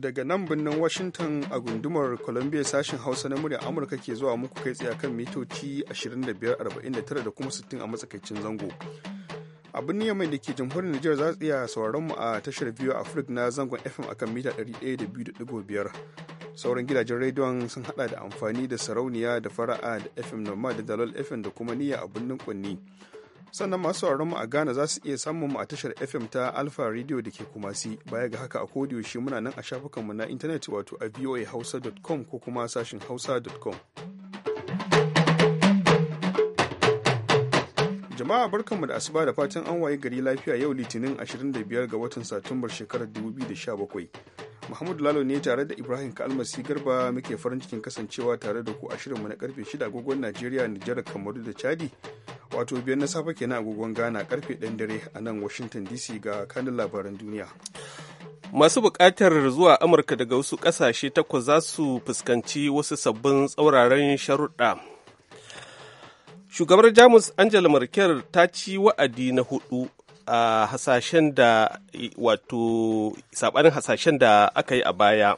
daga nan birnin Washington a gundumar Columbia sashen Hausa na muryar Amurka ke zuwa muku kai tsaye kan mitoci 2549 da kuma 60 a matsakaicin zango. A birnin Yamai da ke jamhuriyar Nijar za su iya sauraron mu a tashar biyu a na zangon FM akan mita 102.5. Sauran gidajen rediyon sun hada da amfani da sarauniya da fara'a da FM normal da Dalol FM da kuma niyya a birnin Kunni. sannan masu mu a Ghana za su iya samun mu a tashar FM ta Alpha Radio da ke Kumasi baya ga haka a yaushe muna nan a shafukanmu na intanet wato a voahausa.com ko kuma sashin hausa.com. Jama'a barkanmu da asuba da fatan an waye gari lafiya yau litinin 25 ga watan Satumbar shekarar 2017. Muhammadu Lalo ne tare da Ibrahim Kalmasi Garba muke farin cikin kasancewa tare da ku a shirinmu na karfe 6 agogon Najeriya, Nijar, Kamaru da Chadi. wato biyar na safe kenan agogon ghana karfe ɗan dare a nan washington dc ga kanin labaran duniya masu buƙatar zuwa amurka daga wasu ƙasashe takwas za su fuskanci wasu sabbin tsauraran sharuɗa shugabar jamus angela merkel ta ci wa'adi na hudu a hasashen da wato sabanin hasashen da aka yi a baya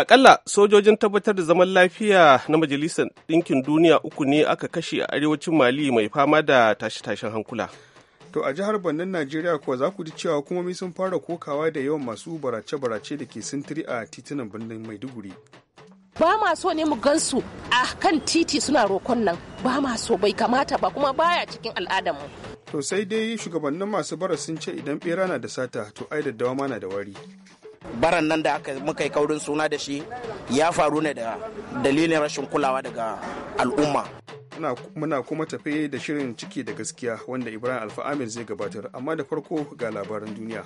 Akalla sojojin tabbatar da zaman lafiya na Majalisar Ɗinkin Duniya uku ne aka kashe a arewacin Mali mai fama da tashe-tashen hankula. To a jihar bannin Najeriya kuwa za ku ji cewa hukumomi sun fara kokawa da yawan masu barace-barace da ke sintiri a titunan birnin Maiduguri. Ba ma so ne mu gansu a kan titi suna rokon nan ba ma so bai kamata ba kuma baya cikin al'adarmu. To sai dai shugabannin masu bara sun ce idan bera na da sata to ai daddawa ma na da wari. baran nan da aka muka yi kaurin suna da shi ya faru ne da dalilin rashin kulawa daga al'umma muna kuma tafe da shirin ciki da gaskiya wanda ibrahim Amir zai gabatar amma da farko ga labaran duniya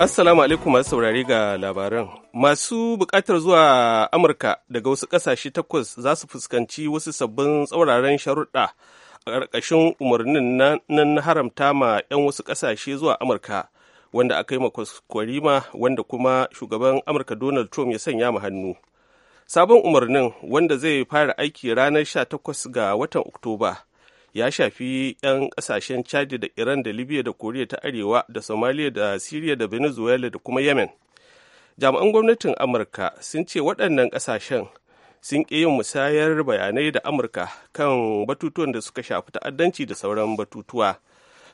Assalamu alaikum masu saurari ga labaran. Masu bukatar zuwa Amurka daga wasu ƙasashe takwas za su fuskanci wasu sabbin tsauraran sharuɗa ƙarƙashin umarnin nan na haramta ma 'yan wasu ƙasashe zuwa amurka wanda aka yi kwaskwarima wanda kuma shugaban amurka donald trump ya sanya mu hannu sabon umarnin wanda zai fara aiki ranar 18 ga watan oktoba ya shafi 'yan ƙasashen chad da iran da libya da koriya ta arewa da somalia da syria da venezuela da kuma yemen jami'an gwamnatin amurka sun ce waɗannan ƙasashen sun ƙi yin musayar bayanai da amurka kan batutuwan da suka shafi ta'addanci da sauran batutuwa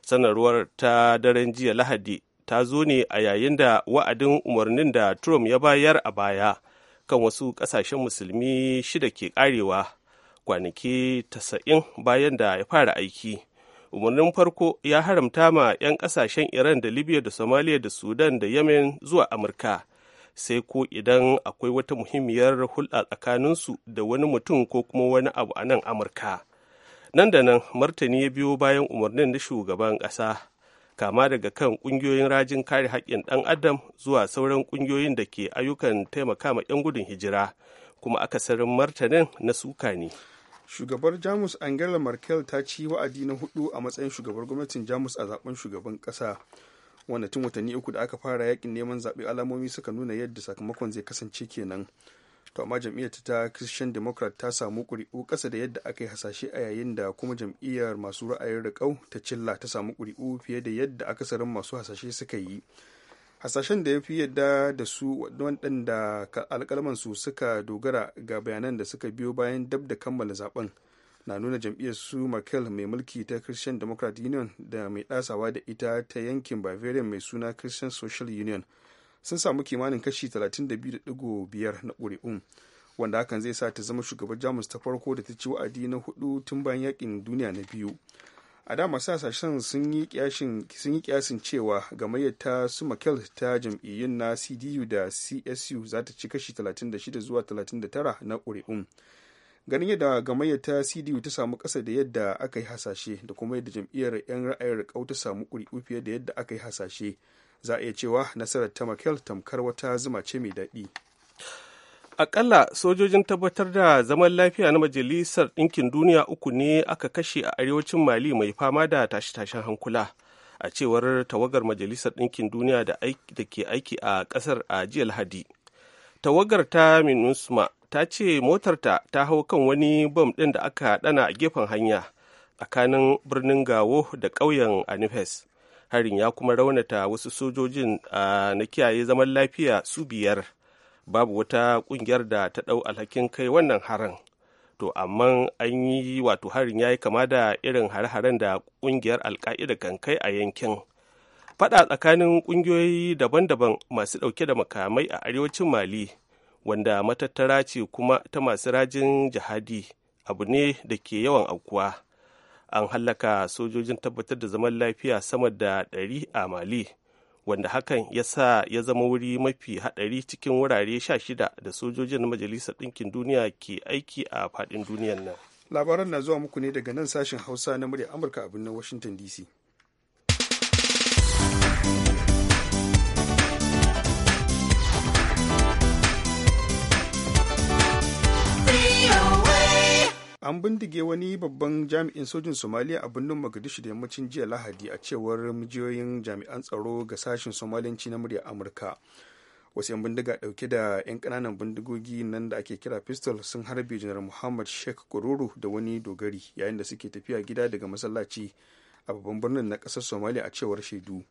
sanarwar ta daren jiya lahadi ta zo ne a yayin da wa'adin umarnin da trump ya bayar a baya kan wasu ƙasashen musulmi shida ke ƙarewa kwanaki tasa'in bayan da ya fara aiki umarnin farko ya haramta ma 'yan ƙasashen iran da libya da somalia da sudan da yemen zuwa amurka sai ko idan akwai wata muhimmiyar hulɗa tsakaninsu da wani mutum ko kuma wani abu a nan amurka nan da nan martani ya biyo bayan umarnin na shugaban ƙasa kama daga kan ƙungiyoyin rajin kare haƙƙin ɗan adam zuwa sauran ƙungiyoyin da ke ayyukan taimaka ma 'yan gudun hijira kuma akasarin martanin na suka ne shugabar jamus angela merkel ta ci wa'adi na hudu a matsayin shugabar gwamnatin jamus a zaben shugaban ƙasa wanda tun watanni uku da aka fara yakin neman zaɓe alamomi suka nuna yadda sakamakon zai kasance kenan to amma jam'iyyar ta christian democrat ta samu ƙuri'u ƙasa da yadda aka yi hasashe a yayin da kuma jam'iyyar masu ra'ayin riƙau ta cilla ta samu ƙuri'u fiye da yadda akasarin masu hasashe suka yi hasashen da ya fi yadda da su waɗanda alƙalman su suka dogara ga bayanan da suka biyo bayan dab da kammala zaben na nuna jam'iyyar su merkel mai mulki ta christian democrat union da mai ɗasawa da ita ta yankin bavarian mai suna christian social union sun samu kimanin kashi 32.5 na ƙuri'un wanda hakan zai sa ta zama shugabar jamus ta farko da ta ci wa'adi na hudu tun bayan yakin duniya na biyu a da masu hasashen sun yi kiyasin cewa gamayyar ta su makel ta jam'iyyun na cdu da csu za ta ci kashi 36 zuwa 39 na ƙuri'un ganin yadda gamayyar ta cdu ta samu ƙasa da yadda aka yi hasashe da kuma yadda jam'iyyar 'yan ra'ayar kau ta samu ƙuri'u fiye da yadda aka yi hasashe za a iya cewa nasarar ta makel tamkar wata zuma ce mai daɗi akalla sojojin tabbatar da zaman lafiya na majalisar ɗinkin duniya uku ne aka kashe a arewacin mali mai fama da tashe-tashen hankula a cewar tawagar majalisar ɗinkin duniya da ke aiki a ƙasar a jiya lahadi tawagar ta minusma ta ce motarta ta hau kan wani bom ɗin da aka ɗana a gefen hanya tsakanin birnin gawo da ƙauyen anifes harin ya kuma raunata wasu sojojin na kiyaye zaman lafiya su biyar babu wata ƙungiyar da ta ɗau alhakin kai wannan harin to amma an yi wato harin ya yi kama da irin hare-haren da ƙungiyar alka'ida kan kai a yankin Fada tsakanin ƙungiyoyi daban-daban masu ɗauke da makamai a arewacin Mali, wanda matattara ce kuma ta masu rajin jihadi, abu ne da ke yawan aukuwa. An hallaka sojojin tabbatar da zaman lafiya sama da ɗari a Mali, wanda hakan ya sa ya zama wuri mafi haɗari cikin wurare sha shida da sojojin Majalisar Ɗinkin Duniya ke aiki a faɗin duniyar nan. Labaran na zuwa muku ne daga nan sashen Hausa na murya Amurka a birnin Washington DC. an bindige wani babban jami'in sojin somaliya a birnin mogadishu da yammacin jiya lahadi a cewar mijiyoyin jami'an tsaro ga sashen somaliyanci na muryar amurka wasu 'yan bindiga dauke da 'yan kananan bindigogi nan da ake kira pistol sun harbe janar muhammad sheikh kururu da wani dogari yayin da suke tafiya gida daga masallaci a babban birnin na kasar somaliya a cewar shaidu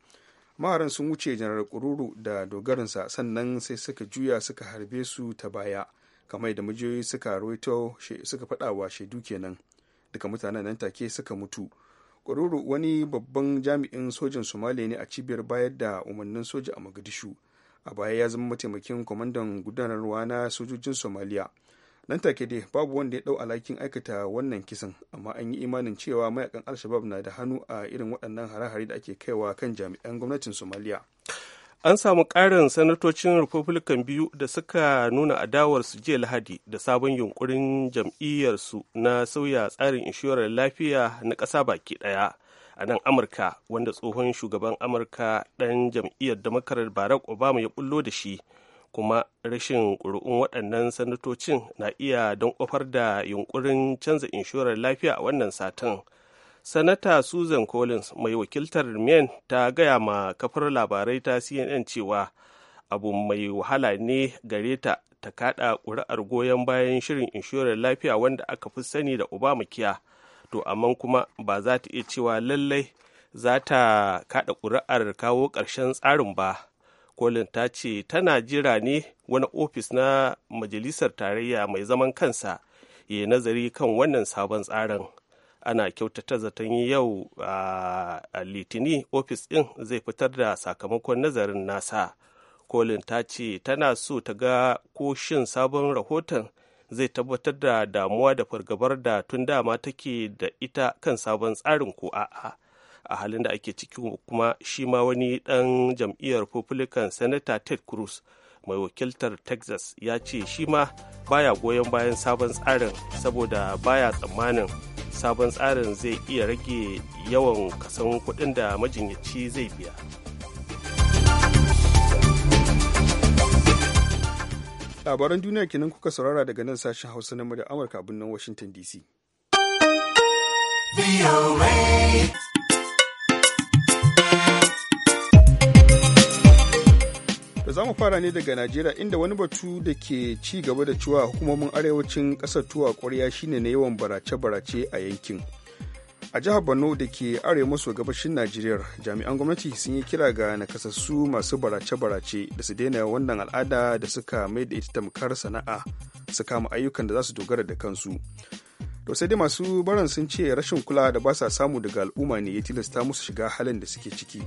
maharan sun wuce janar kururu da dogarinsa sannan sai suka juya suka harbe su ta baya kamar da mijiyoyi suka roito suka faɗa wa shaidu kenan duka mutanen nan take suka mutu ƙwararru wani babban jami'in sojin somaliya ne a cibiyar bayar da umarnin soja a mogadishu a baya ya zama mataimakin kwamandan gudanarwa na sojojin somaliya nan take dai babu wanda ya dau alhakin aikata wannan kisan amma an yi imanin cewa mayakan alshabab na da hannu a irin waɗannan hare-hare da ake kaiwa kan jami'an gwamnatin somaliya an samu ƙarin sanatocin republican biyu da suka nuna adawarsu jiya lahadi da sabon yunkurin jam'iyyarsu na sauya tsarin inshorar lafiya na ƙasa baki ɗaya a nan amurka wanda tsohon shugaban amurka ɗan jam'iyyar damakarar barack obama ya bullo da shi kuma rashin ƙuri'un waɗannan sanatocin na iya don ƙofar da yunkurin canza inshorar lafiya a wannan satin. sanata susan collins mai wakiltar maine ta gaya ma kafar labarai ta cnn cewa abu mai wahala ne gare ta ta kada ƙuri'ar goyon bayan shirin inshorar lafiya wanda aka fi sani da obamacare to amma kuma ba za ta iya cewa lallai za ta kada ƙuri'ar kawo ƙarshen tsarin ba Collins ta ce tana jira ne wani ofis na majalisar tarayya mai zaman kansa ya nazari kan wannan sabon tsarin ana kyautata zaton yau a litini ofis ɗin zai fitar da sakamakon nazarin nasa kolin ta ce tana so ta ga ko shin sabon rahoton zai tabbatar da damuwa da fargabar da tun dama take da ita kan sabon tsarin ko a'a a halin da ake ciki kuma shi ma wani ɗan jam'iyyar republican senator ted cruz mai wakiltar texas ya ce shi ma baya goyon bayan sabon tsarin saboda baya tsammanin sabon tsarin zai iya rage yawan kasan kuɗin da majinyaci zai biya labaran duniya kenan kuka saurara daga nan sashen hausa na murya amurka birnin washington dc da zamu fara ne daga najeriya inda wani batu da ke ci gaba da cewa hukumomin arewacin ƙasar tuwa ƙwarya shine na yawan barace-barace a yankin a jihar borno da ke arewa maso gabashin najeriya jami'an gwamnati sun yi kira ga nakasassu masu barace-barace da su daina wannan al'ada da suka mai da ita tamkar sana'a su kama ayyukan da za su dogara da kansu to sai dai masu baran sun ce rashin kula da ba sa samu daga al'umma ne ya tilasta musu shiga halin da suke ciki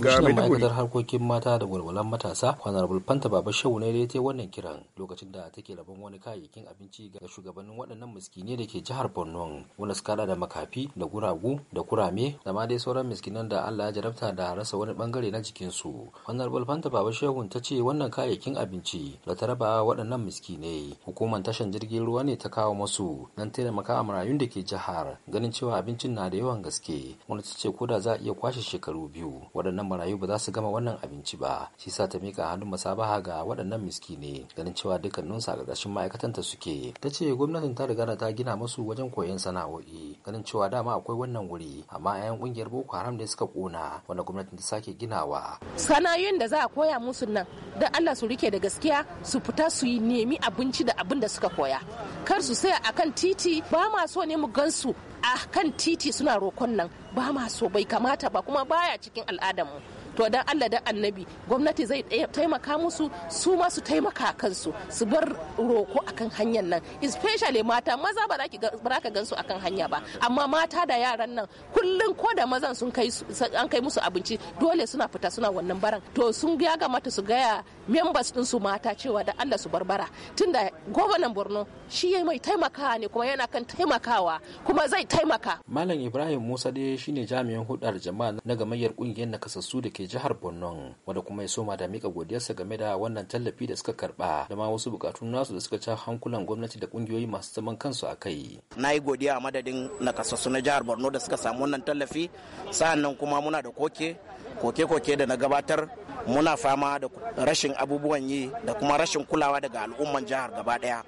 kwamishinan ma'aikatar harkokin mata da walwalan matasa honorable fanta baba shehu ne ya wannan kiran lokacin da take rabon wani kayayyakin abinci ga shugabannin waɗannan miskine da ke jihar borno wanda suka da makafi da guragu da kurame da ma dai sauran miskinan da allah ya jarabta da rasa wani bangare na jikinsu honorable fanta baba shehu ta ce wannan kayayyakin abinci da ta raba waɗannan miskinai hukumar tashan jirgin ruwa ne ta kawo masu don taimaka a marayun da ke jihar ganin cewa abincin na da yawan gaske wanda ta ce ko da za a iya kwashe shekaru biyu waɗannan waɗannan marayu ba za su gama wannan abinci ba shi sa ta mika hannun masabaha ga waɗannan ne ganin cewa dukkaninsu a ƙarƙashin ta suke ta ce gwamnatin ta riga ta gina musu wajen koyon sana'o'i ganin cewa dama akwai wannan wuri amma 'ya'yan ƙungiyar boko haram ne suka ƙona wanda gwamnatin ta sake ginawa sana'o'in da za a koya musu nan dan allah su rike da gaskiya su fita su yi nemi abinci da abin da suka koya kar su saya akan titi ba ma so ne mu gansu a kan titi suna rokon nan ba ma so bai kamata ba kuma baya cikin al'adarmu to dan Allah da annabi gwamnati zai taimaka musu su ma su taimaka kansu su bar roko akan hanyar nan especially mata maza ba za ka gansu akan hanya ba amma mata da yaran nan kullum ko da mazan sun kai an kai musu abinci dole suna fita suna wannan baran to sun ga mata su gaya members din su mata cewa da Allah su barbara tunda gwamnan Borno shi mai taimakawa ne kuma yana kan taimakawa kuma zai taimaka malam Ibrahim Musa dai shine jami'in hudar jama'a na gamayyar kungiyar nakasassu da ke jihar Borno wanda kuma ya soma da mika godiyarsa game da wannan tallafi da suka karba da ma wasu bukatun nasu da suka ca hankulan gwamnati da kungiyoyi masu zaman kansu a kai. Na yi godiya a madadin nakasassu na jihar Borno da suka samu wannan tallafi sa'annan kuma muna da koke koke-koke da na gabatar muna fama da rashin abubuwan yi da kuma rashin kulawa daga al'umman jihar gaba daya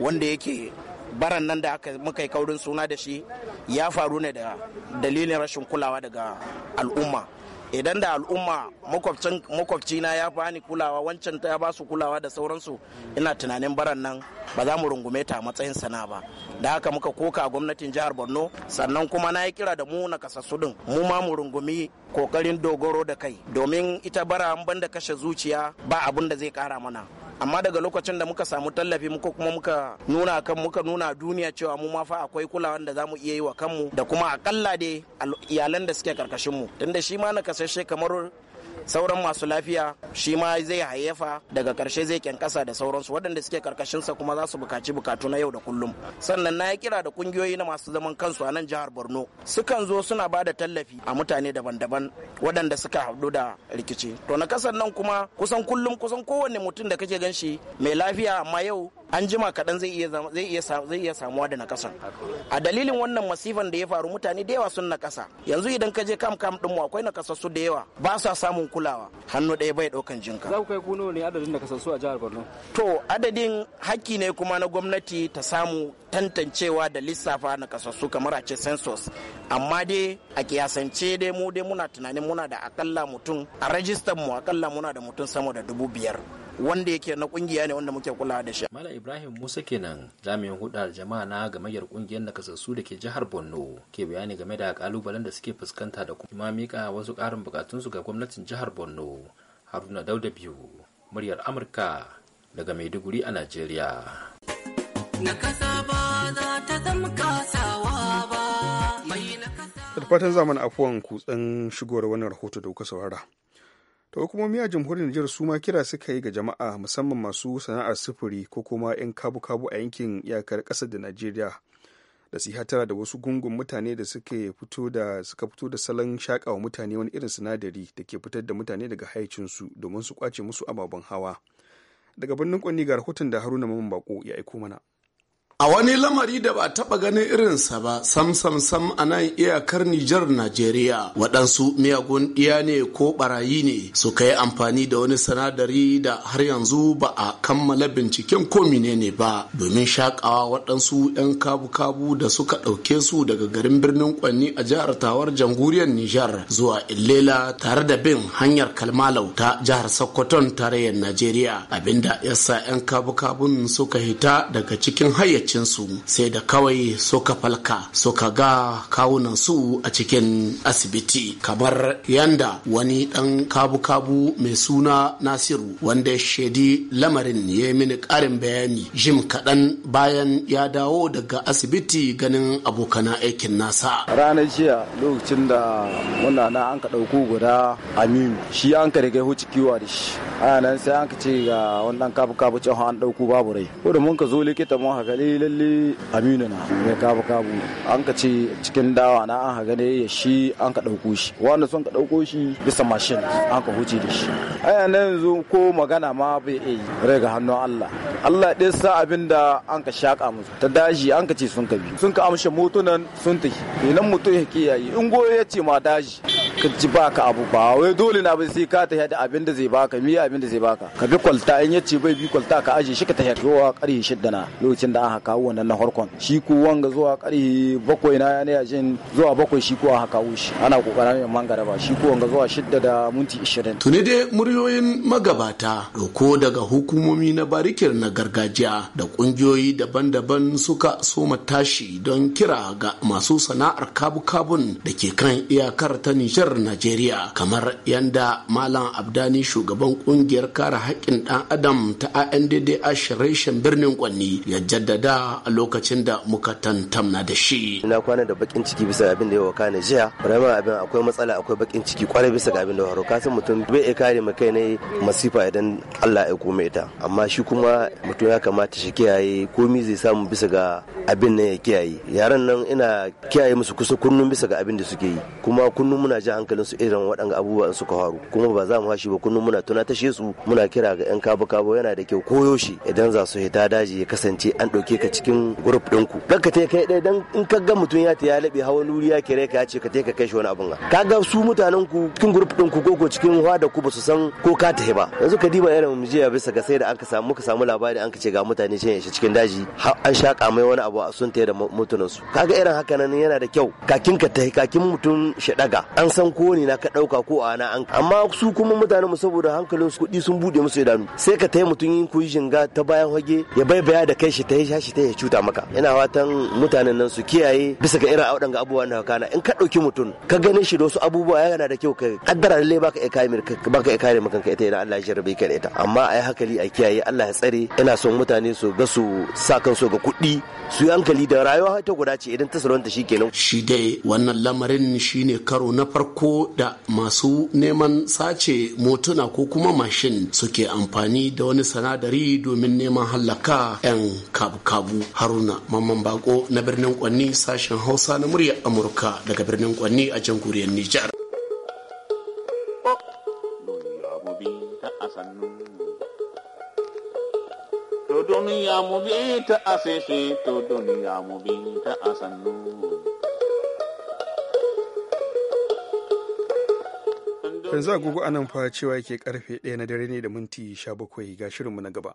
wanda yake baran nan da aka muka yi kaurin suna da shi ya faru ne da dalilin rashin kulawa daga al'umma idan da al'umma na ya bani kulawa wancan ta ba su kulawa da sauransu ina tunanin baran nan ba za mu rungume ta matsayin sana ba da haka muka koka a gwamnatin jihar borno sannan kuma na yi kira da mu na kasassu din mu ma mu rungumi kokarin dogoro da kai domin ita bara an banda kashe zuciya ba abin da zai kara mana amma daga lokacin da muka samu tallafi muka kuma muka nuna kan muka nuna duniya cewa mu ma fa akwai kulawan da zamu iya yi wa kanmu da kuma akalla dai iyalan da suke karkashin mu tunda shi ma na kasashe kamar sauran masu lafiya shi ma zai hayyafa daga karshe zai kyankasa da sauransu waɗanda suke sa kuma za su bukaci bukatu na yau da kullum sannan na ya kira da kungiyoyi na masu zaman kansu a nan jihar borno sukan zo suna ba da tallafi a mutane daban-daban waɗanda suka haɗu da rikici to na kasan nan kuma kusan kullum kusan kowanne mutum da kake ganshi mai lafiya amma yau an jima kaɗan zai iya zai iya zai iya samuwa da nakasa a dalilin wannan masifan da ya faru mutane da yawa sun nakasa yanzu idan ka je kam kam ɗinmu mu akwai nakasassu da yawa ba sa samun kulawa hannu ɗaya bai ɗaukan jinka za ku kai kuno ne adadin da a jihar borno to adadin haƙƙi ne kuma na gwamnati ta samu tantancewa da lissafa na kasassu kamar a ce census amma dai a kiyasance dai mu dai muna tunanin muna da akalla mutum a rajistan mu akalla muna da mutum sama da dubu biyar wanda yake na kungiya ne wanda muke kula da shi. Mala Ibrahim Musa kenan jami'in hudar jama'a na gamayyar kungiyar nakasassu da ke jihar Borno ke bayani game da kalubalen da suke fuskanta da kuma mika wasu karin su ga gwamnatin jihar Borno. Haruna Dauda biyu muryar Amurka daga Maiduguri a Najeriya. Da fatan zamani afuwan kutsen shigowar wannan rahoto da kuka saurara. ta hukumomi a jamhuriyar Nijar su ma kira suka yi ga jama'a musamman masu sana'ar sufuri ko kuma 'yan kabu-kabu a yankin iyakar ƙasar da Najeriya da su hatara da wasu gungun mutane da suka fito da suka fito da salon shakawa mutane wani irin sinadari da ke fitar da mutane daga hayacinsu domin su kwace musu ababen hawa daga birnin kwanni ga rahoton da haruna mamman bako ya aiko mana A wani lamari da ba taɓa ganin irinsa ba sam sam sam a nan iyakar Nijar Najeriya waɗansu miyagun ɗiya ne ko ɓarayi ne suka yi amfani da wani sanadari da har yanzu ba a kammala binciken ko ne ba domin shaƙawa waɗansu 'yan kabu-kabu da suka ɗauke su daga garin birnin Kwanni a jihar Tawar jamhuriyar Nijar zuwa Illela tare da bin hanyar Kalmalau ta jihar Sokoton tarayyar Najeriya abinda yasa 'yan kabu-kabun suka hita daga cikin hayyaci abincinsu sai da kawai suka falka suka ga kawunan su a cikin asibiti kamar yanda wani dan kabu-kabu mai suna nasiru wanda ya shaidi lamarin ya yi mini karin bayani jim kaɗan bayan ya dawo daga asibiti ganin abokana aikin nasa ranar jiya lokacin da muna na an ka ɗauko guda aminu shi an ka riga huci kiwa da shi ana nan sai an ka ce ga wannan kabu-kabu cewa an ɗauko babu rai ko da mun ka zo likita mun hakali Eh, lalle aminu na mai kabu kabu an ka ce cikin dawa na an haga ne ya shi an ka ɗauko shi wanda sun ka ɗauko shi bisa mashin an ka huce da shi aya na yanzu ko magana ma bai yi rai ga hannun Allah Allah ɗaya sa abin da an ka shaƙa musu ta daji an ka ce sun ka bi sun ka amshe motunan sun tafi idan mutum ya kiyaye in goyo ya ce ma daji ka ji baka abu ba wai dole na ba sai ka ta da abin da zai baka mi abin da zai baka ka bi kwalta in yace bai bi kwalta ka aje shi ka ta tafi zuwa ƙarfe shidda na lokacin da aka kawo wannan na harkon shi ko wanga zuwa ƙarfe bakwai na yana jin zuwa bakwai shi ko aka kawo shi ana kokarin yin mangara ba shi ko wanga zuwa shidda da minti ishirin. tuni dai muryoyin magabata doko daga hukumomi na barikir na gargajiya da kungiyoyi daban-daban suka soma tashi don kira ga masu sana'ar kabu-kabun da ke kan iyakar ta nijar kasar Najeriya kamar yanda Malam Abdani shugaban kungiyar kare haƙƙin ɗan Adam ta ANDD a shirishin birnin Kwanni ya jaddada a lokacin da muka tantamna da shi. Na kwana da bakin ciki bisa abin da ya wakana jiya, rama abin akwai matsala akwai bakin ciki kwarai bisa ga abin da ya kasan mutum bai iya kare mu kai ne masifa idan Allah ya kome ta, amma shi kuma mutum ya kamata shi kiyaye komi zai samu bisa ga abin nan ya kiyaye. Yaran nan ina kiyaye musu kusa kunnun bisa ga abin da suke yi, kuma kunnun muna ji hankalin su irin waɗanga abubuwa su suka haru kuma ba za mu hashi ba kullum muna tunatashe su muna kira ga yan kabo kabo yana da kyau koyaushe idan za su hita daji ya kasance an ɗauke ka cikin grup ɗinku dan ka kai dan in ka ga mutum ya ta ya laɓe hawan nuri ya kire ka ya ce ka ka kai shi wani abun ka ga su mutanen ku cikin grup ɗinku ko ko cikin wa da ku ba su san ko ka ta ba yanzu ka diba irin mu jiya bisa ga sai da an ka samu muka samu labari an ka ce ga mutane can shi cikin daji an shaka mai wani abu a sun ta da mutunan su kaga irin haka nan yana da kyau kakin ka kakin mutum shi daga an san ko ne na ka dauka ko a na an amma su kuma mutanen mu saboda hankalin su kuɗi sun bude musu idanu sai ka taya mutum yin koyi shinga ta bayan hage ya bai baya da kai shi ta shi ta ya cuta maka ina watan mutanen nan su kiyaye bisa ga irin waɗanga abubuwan na kana in ka dauki mutum ka gane shi da wasu abubuwa gana da kyau ka kaddara lalle baka kai mirka baka iya kare maka ita idan Allah ya jarrabe ka da ita amma ai hakali a kiyaye Allah ya tsare ina son mutane su ga su sa kansu ga kuɗi su yi hankali da rayuwa ta guda ce idan ta salwanta shi kenan shi dai wannan lamarin shine karo na farko farko da masu neman sace motuna ko kuma mashin suke amfani da wani sanadari domin neman hallaka 'yan kabu-kabu haruna mamman bako na birnin kwanni sashen hausa na muryar amurka daga birnin kwanni a jamhuriyar nijar To duniya mu bi ta to duniya mu bi ta asannu. yanzu agogo anan fa cewa yake karfe ɗaya na dare ne da minti 17 ga shirinmu na gaba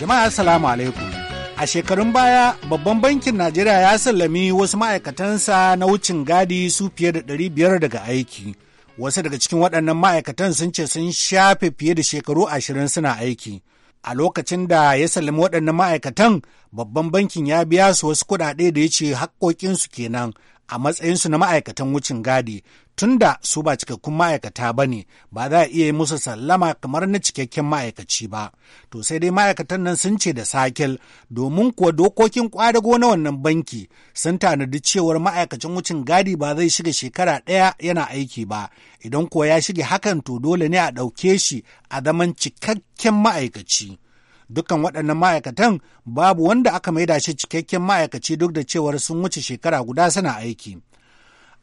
jama'a assalamu alaikum a shekarun baya babban bankin najeriya ya sallami wasu ma'aikatansa na wucin gadi su fiye da biyar daga aiki wasu daga cikin waɗannan ma'aikatan sun ce sun shafe fiye da shekaru ashirin suna aiki a lokacin da ya sallami waɗannan ma'aikatan babban bankin ya biya su wasu kuɗaɗe da ya ce haƙƙoƙinsu kenan a matsayinsu na ma'aikatan wucin gadi tunda su ba cikakkun ma'aikata ba ne ba za a iya yi musu sallama kamar na cikakken ma'aikaci ba to sai dai ma'aikatan nan sun ce da sakil domin kuwa dokokin kwadago na wannan banki sun tanadi cewar ma'aikacin wucin gadi ba zai shiga shekara ɗaya yana aiki ba idan kuwa ya shige hakan to dole ne a ɗauke shi a zaman cikakken ma'aikaci. dukkan waɗannan ma'aikatan babu wanda aka maida shi cikakken ma'aikaci duk da cewar sun wuce shekara guda suna aiki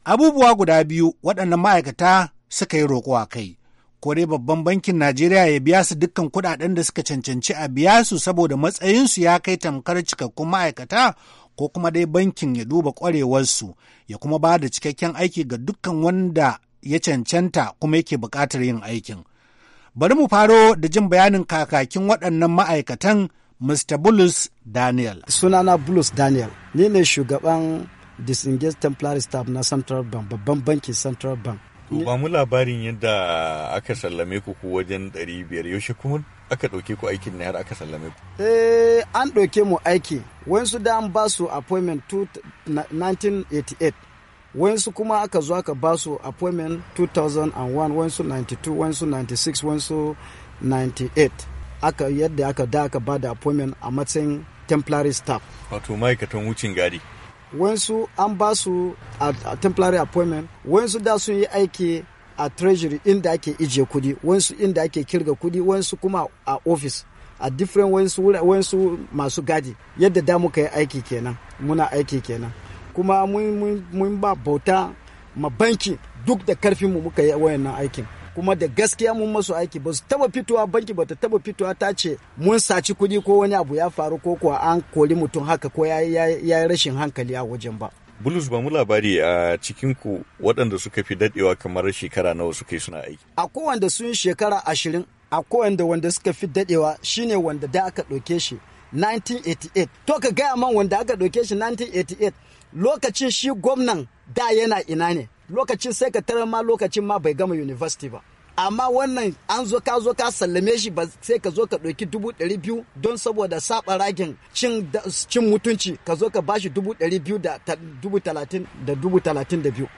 Abubuwa guda biyu waɗannan ma'aikata suka yi roƙo a kai. Kore babban bankin Najeriya ya biya su dukkan kuɗaɗen da suka cancanci a biya su saboda matsayinsu ya kai tamkar cikakkun ma'aikata ko kuma dai bankin ya duba ƙwarewarsu ya kuma ba da cikakken aiki ga dukkan wanda ya cancanta kuma yake buƙatar yin aikin. Bari mu faro da jin bayanin kakakin waɗannan ma'aikatan Mr. Bulus Daniel. Sunana Bulus Daniel, ni ne shugaban disengage temporary staff na central bank babban bankin central bank to ba mu labarin yadda aka sallame ku ku wajen 500 yaushe kuma aka ɗauke ku aikin na har aka sallame ku eh an ɗauke mu aiki wayansu da an ba su appointment 1988 wayansu kuma aka zo aka ba su appointment 2001 wayansu 92 wayansu 96 wayansu 98 aka yadda aka da aka ba da appointment a matsayin temporary staff wato ma'aikatan wucin gadi wansu an ba su a temporary appointment wansu da sun yi aiki a treasury inda ake ijiye kudi wansu inda ake kirga kudi wansu kuma a office a different wansu, wansu masu gadi yadda da muka yi aiki kenan muna aiki kenan kuma mun ba bauta ma banki duk da karfin mu muka yi wayannan aikin kuma da gaskiya mun masu aiki ba su taba fitowa banki ba ta taba fitowa ta ce mun saci kuɗi ko wani abu ya faru ko kuwa an kori mutum haka ko ya yi rashin hankali a wajen ba. Bulus ba mu labari a cikinku waɗanda suka fi daɗewa kamar shekara nawa suka yi suna aiki. A kowanda sun shekara ashirin a kowanda wanda suka fi daɗewa shine wanda da aka ɗauke shi 1988. To ka gaya man wanda aka ɗauke shi 1988 lokacin shi gwamnan da yana ina ne. lokacin sai ka tarar ma lokacin ma bai gama university ba amma wannan an zo ka zo ka sallame shi ba sai ka zo ka ɗauki dubu ɗari biyu don saboda saba ragin cin mutunci ka zo ka bashi dubu ɗari biyu da dubu talatin da dubu talatin da biyu.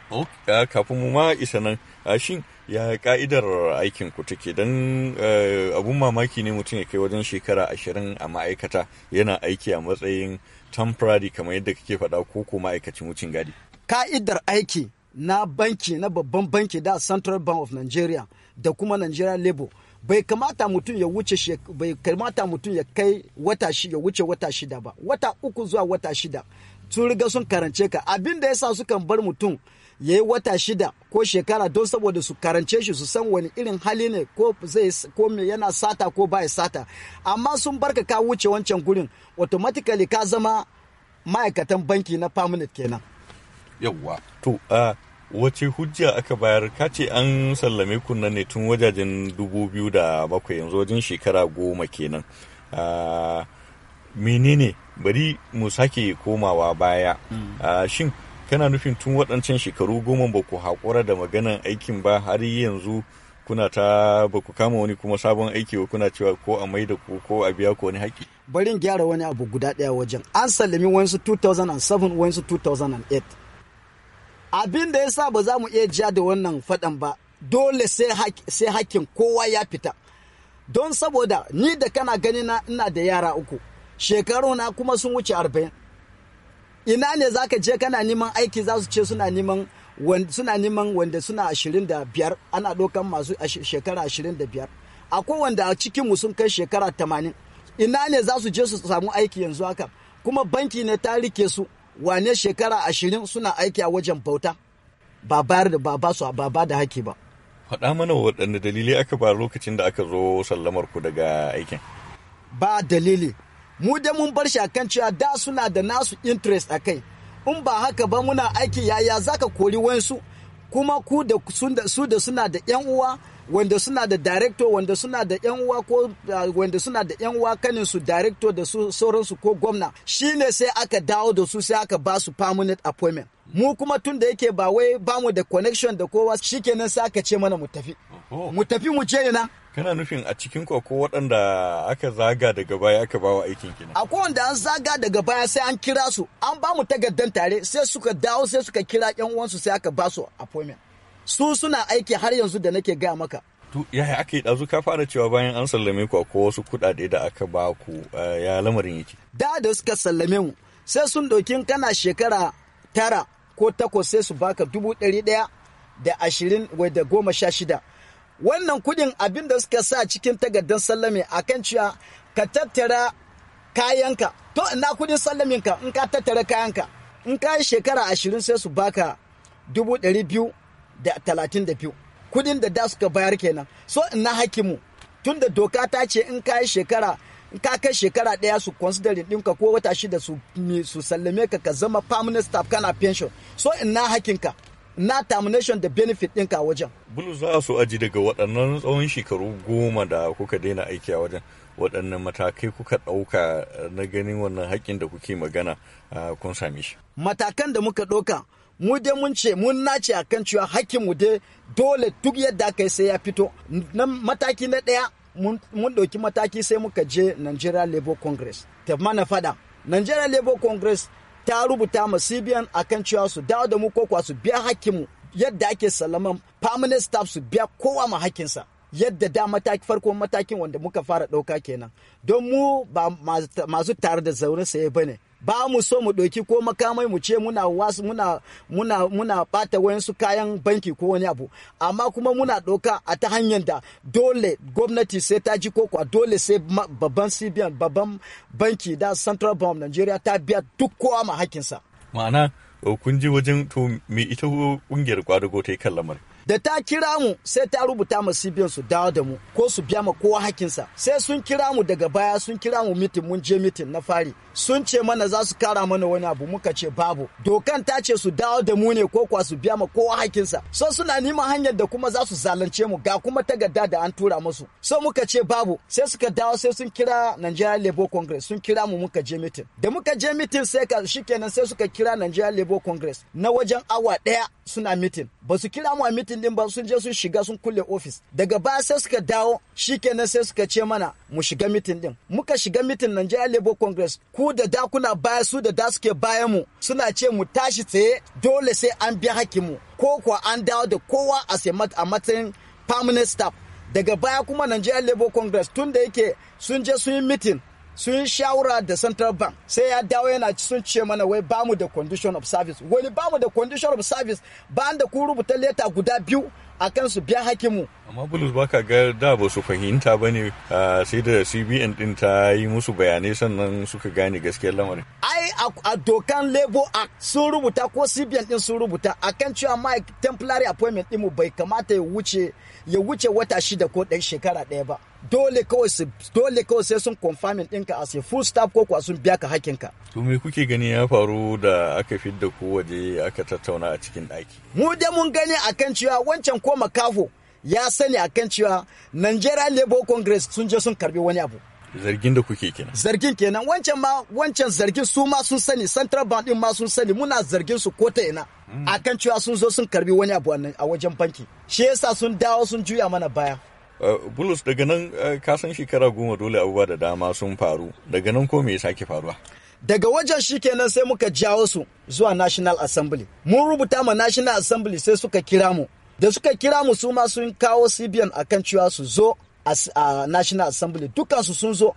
kafin mu ma isa nan shin ya ka'idar aikin ku take don eh, abun mamaki ne mutum ya kai wajen shekara ashirin a ma'aikata yana aiki a matsayin temporary kamar yadda kake faɗa ko ko ma'aikacin wucin gadi. ka'idar aiki na banki na babban banki da central bank of nigeria da kuma nigeria labour bai kamata mutum ya wuce bai kamata mutum ya kai wata shida wuce wata shida ba wata uku zuwa wata shida sun riga sun karance ka abin da yasa sukan bar mutum ya yi wata shida ko shekara don saboda su karance shi su san wani irin hali ne ko zai ko me yana sata ko baya sata amma sun barka ka wuce wancan gurin automatically ka zama ma'aikatan banki na permanent kenan yawwa to a wace hujja aka bayar kace an sallame ku nan ne tun wajajen dubu biyu da bakwai yanzu wajen shekara goma kenan menene bari mu sake komawa baya mm. shin kana nufin tun waɗancan shekaru goma ba ku haƙura da maganan aikin ba har yanzu kuna ta ba ku kama wani kuma sabon aiki ba kuna cewa ko a maida ku ko a biya ku wani haƙi. Barin gyara wani abu guda ɗaya wajen. An sallami wayansu 2007 wayansu 2008. abin da ya sa ba za mu iya ja da wannan faɗan ba dole sai hakkin kowa ya fita don saboda ni da kana gani na ina da yara uku shekaru na kuma sun wuce arba'in ina ne za ka je kana neman aiki za su ce suna neman suna neman wanda suna ashirin da biyar ana ɗaukan masu shekara ashirin da biyar akwai wanda a cikinmu sun kai shekara tamanin ina ne za su je su samu aiki yanzu haka kuma banki ne ta rike su wane shekara ashirin suna aiki a wajen bauta ba bayar da ba su ba ba da haki ba. Faɗa mana waɗanne dalili aka ba lokacin da aka zo sallamar ku daga aikin. Ba dalili. Mu da mun bar shi akan cewa da suna da nasu interest a kai. In ba haka ba muna aiki yaya zaka kori wayansu kuma ku da su da suna da 'yan uwa wanda suna da director wanda suna da yan uwa ko ah, wanda suna da yan uwa kanin su director da su sauransu ko gwamna shine sai aka dawo da su sai aka ba su permanent appointment mu kuma tun da yake ba wai ba mu da connection da kowa shikenan sai aka ce mana mu tafi mu tafi mu je ina kana nufin a cikin ko waɗanda aka zaga daga baya aka bawa aikin kina akwai wanda an zaga daga baya sai an kira su an ba mu takardar tare sai suka dawo sai suka kira yan uwansu sai aka ba su appointment su suna aiki har yanzu da nake gaya maka yaya aka yi ɗazu ka fara cewa bayan an sallame ku ko wasu kuɗaɗe da aka ba ku eh, ya lamarin yake da da suka sallame mu sai sun ɗauki kana shekara tara ko takwas sai su baka dubu ɗari ɗaya da ashirin wai da goma sha shida wannan kuɗin abin da suka sa cikin takardar sallame akan cewa ka tattara kayanka to ina kuɗin sallaminka in ka tattara kayanka in ka yi shekara ashirin sai su baka dubu ɗari biyu da talatin da biyu kudin da da suka bayar kenan so ina hakimu tun da doka ta ce in ka shekara in ka kai shekara ɗaya su consider ɗinka ko wata shida su su sallame ka ka zama permanent staff kana pension so ina hakinka na termination da benefit ɗinka wajen. Bulu za su aji daga waɗannan tsawon shekaru goma da kuka daina aiki a wajen waɗannan matakai kuka ɗauka eh, na ganin wannan haƙƙin da kuke magana ah, kun same shi. Matakan da muka ɗauka mu dai mun ce mun nace akan cewa hakkin mu dai dole duk yadda aka yi sai ya fito nan mataki na ɗaya mun ɗauki mataki sai muka je Nigeria Labour Congress ta mana fada Nigeria Labour Congress ta rubuta ma CBN akan cewa su dawo da mu ko su biya mu. yadda ake salaman permanent staff su biya kowa ma hakkinsa yadda da mataki farko matakin wanda muka fara ɗauka kenan don mu ba masu tare da zaure saye bane ba mu so mu ɗauki ko makamai mu ce muna wasu muna muna muna bata wayansu kayan banki ko wani abu amma kuma muna ɗauka a ta hanyar da dole gwamnati sai ta ji koko dole sai babban cbn babban banki da central bank nigeria ta biya duk kowa ma hakinsa ma'ana uh, kun ji wajen to me ita kungiyar kwadago ta yi kan lamarin da ta kira mu sai ta rubuta mu cbn su dawo da mu ko su biya ma kowa hakinsa sai sun kira mu daga baya sun kira mu mitin mun je mitin na fari sun ce mana za su kara mana wani abu muka ce babu dokan ta ce su dawo da mu ne ko kuwa su biya ma kowa hakinsa so suna neman hanyar da kuma za su zalunce mu ga kuma takarda da an tura musu so muka ce babu sai suka dawo sai sun kira Nigeria Labour Congress sun kira mu muka je mitin da muka je mitin sai ka shikenan sai suka kira Nigeria Labour Congress na wajen awa daya suna mitin ba su kira mu a mitin mitin din ba sun je sun shiga sun kulle ofis daga baya sai suka dawo shikenan sai suka ce mana mu shiga mitin din muka shiga mitin jiya lebo Congress ku da da kuna baya su da da suke bayan mu suna ce mu tashi tsaye dole sai an biya hakimu ko kuwa an dawo da kowa a matsayin permanent staff daga baya kuma Nigeria lebo Congress tun da yake sun je sun yi mitin sun shawara da central bank sai ya dawo yana sun ce mana wai bamu da condition of service wani bamu da condition of service ba da ku rubuta leta guda biyu a kansu su biya mu Amma Bulus baka ga da ba su fahimta ba ne sai da CBN din ta yi musu bayanai sannan suka gane gaskiyar lamarin. Ai a dokan Labour Act sun rubuta ko CBN din sun rubuta a kan cewa ma temporary appointment din mu bai kamata ya wuce wata shida ko ɗan shekara ɗaya ba. Dole kawai dole kawai sai sun confirming ɗinka a sai full stop ko kuwa sun biya ka hakinka. To me kuke gani ya faru da aka fidda ko waje aka tattauna a cikin ɗaki? Mu da mun gani a kan cewa wancan ko makafo ya sani a kan cewa Nigeria Labour Congress sun je sun karbi wani abu. Zargin da kuke kenan. Zargin kenan wancan ma wancan zargin su ma sun sani Central Bank din ma sun sani muna zargin su ko ta ina. Hmm. a kan cewa sun zo sun karbi wani abu a wajen banki. Shi yasa sun dawo sun juya mana baya. Uh, Bulus daga nan uh, ka san shekara goma dole abubuwa da dama sun faru daga nan ko me ya sake faruwa? daga wajen shi kenan sai muka jawo su zuwa national assembly mun rubuta ma national assembly sai suka kira mu da suka kira mu su ma sun kawo cbn kan cewa su zo a national assembly dukansu sun zo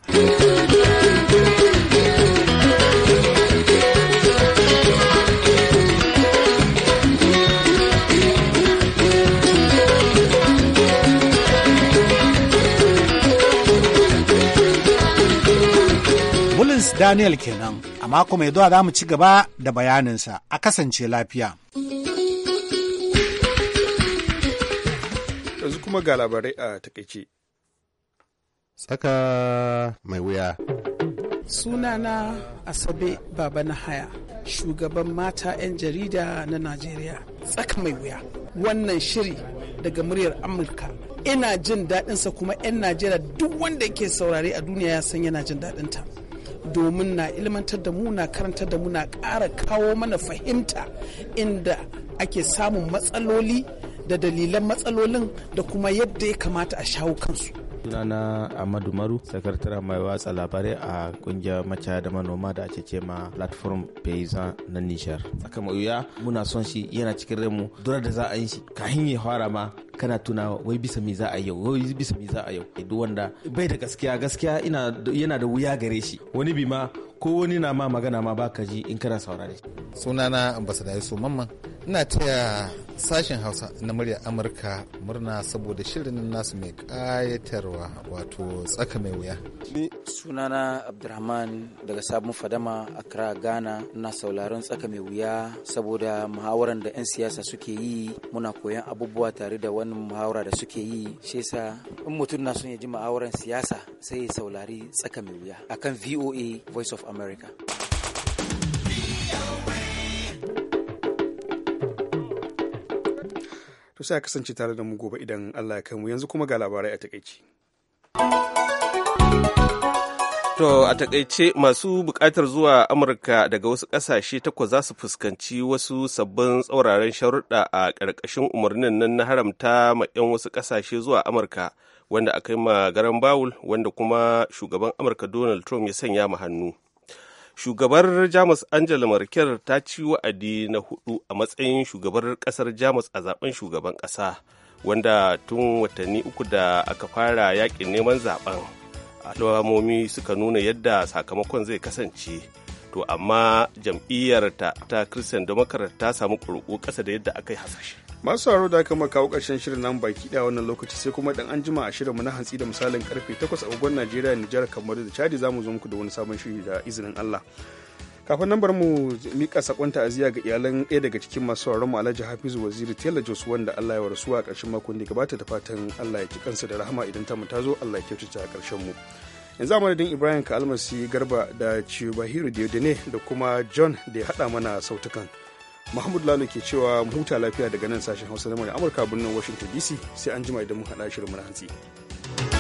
Daniel kenan, a mako mai zuwa za mu ci gaba da bayaninsa a kasance lafiya. kuma ga labarai a takaice. Tsaka mai wuya. Sunana Asabe Baba na haya, shugaban mata 'yan jarida na Najeriya. Tsaka mai wuya. Wannan shiri daga muryar Amurka. Ina jin daɗinsa kuma 'yan Najeriya duk wanda yake saurare a duniya ya san yana jin daɗinta. domin na ilmantar da mu na karantar da mu na ƙara kawo mana fahimta inda ake samun matsaloli da dalilan matsalolin da kuma yadda ya kamata a shawo kansu sunana Amadu Maru, sakataren mai watsa labarai a kungiyar maca da manoma da ake ce ma platform paysan na nishar. Tsaka mai wuya muna son shi yana cikin remu dura da za a yi shi kahin ya fara ma kana tuna wai bisa mi za a yau wai bisa mi za a yau duk wanda bai da gaskiya gaskiya yana da wuya gare shi wani bi ma ko wani na ma magana ma baka ji in kana saurare sunana ambassador yusuf mamman ina taya sashen hausa na murya amurka murna saboda shirin nasu mai kayatarwa wato tsaka mai wuya sunana abdulrahman daga sabon fadama a accra ghana na sauraron tsaka mai wuya saboda muhawaran da 'yan siyasa suke yi muna koyan abubuwa tare da wani muhawara da suke yi shi in mutum na son ya ji muhawaran siyasa sai ya saurari tsaka mai wuya akan voa voice of America. To sai kasance tare da mu gobe idan Allah ya kai mu yanzu kuma ga labarai a takaici. To a takaice masu bukatar zuwa Amurka daga wasu ƙasashe takwas za su fuskanci wasu sabbin tsauraran sharuɗa a ƙarƙashin umarnin nan na haramta ma 'yan wasu ƙasashe zuwa Amurka wanda aka yi ma garan Bawul wanda kuma shugaban Amurka Donald Trump ya sanya mu hannu. shugabar jamus angela merkel ta ci wa'adi na hudu a matsayin shugabar kasar jamus a zaben shugaban kasa wanda tun watanni uku da aka fara yakin neman zaben alamomi suka nuna yadda sakamakon zai kasance to amma jam'iyyar ta christian democrat ta samu ƙuri'u kasa da yadda aka yi hasashe masu haro da aka kawo karshen shirin nan baki daya wannan lokaci sai kuma dan anjima jima a shirinmu na hantsi da misalin karfe 8 agogon Najeriya Nijar Kamaru da Chadi zamu zo muku da wani sabon shiri da izinin Allah. Kafin nan bar mu mika sakon ta'aziyya ga iyalan ɗaya daga cikin masu sauraron mu Alhaji Hafizu Waziri Tela Jos wanda Allah ya warsu a ƙarshen makon da gabata da fatan Allah ya ki kansa da rahama idan ta mu ta zo Allah ya kyautata a ƙarshen mu. yanzu a madadin ibrahim kalmasi garba da cibahiru diodene da kuma john da ya haɗa mana sautukan Mahmud Lalo ke cewa mu huta lafiya daga nan sashen Hausa na Amurka birnin Washington DC sai an jima idan mun haɗa shirin hantsi.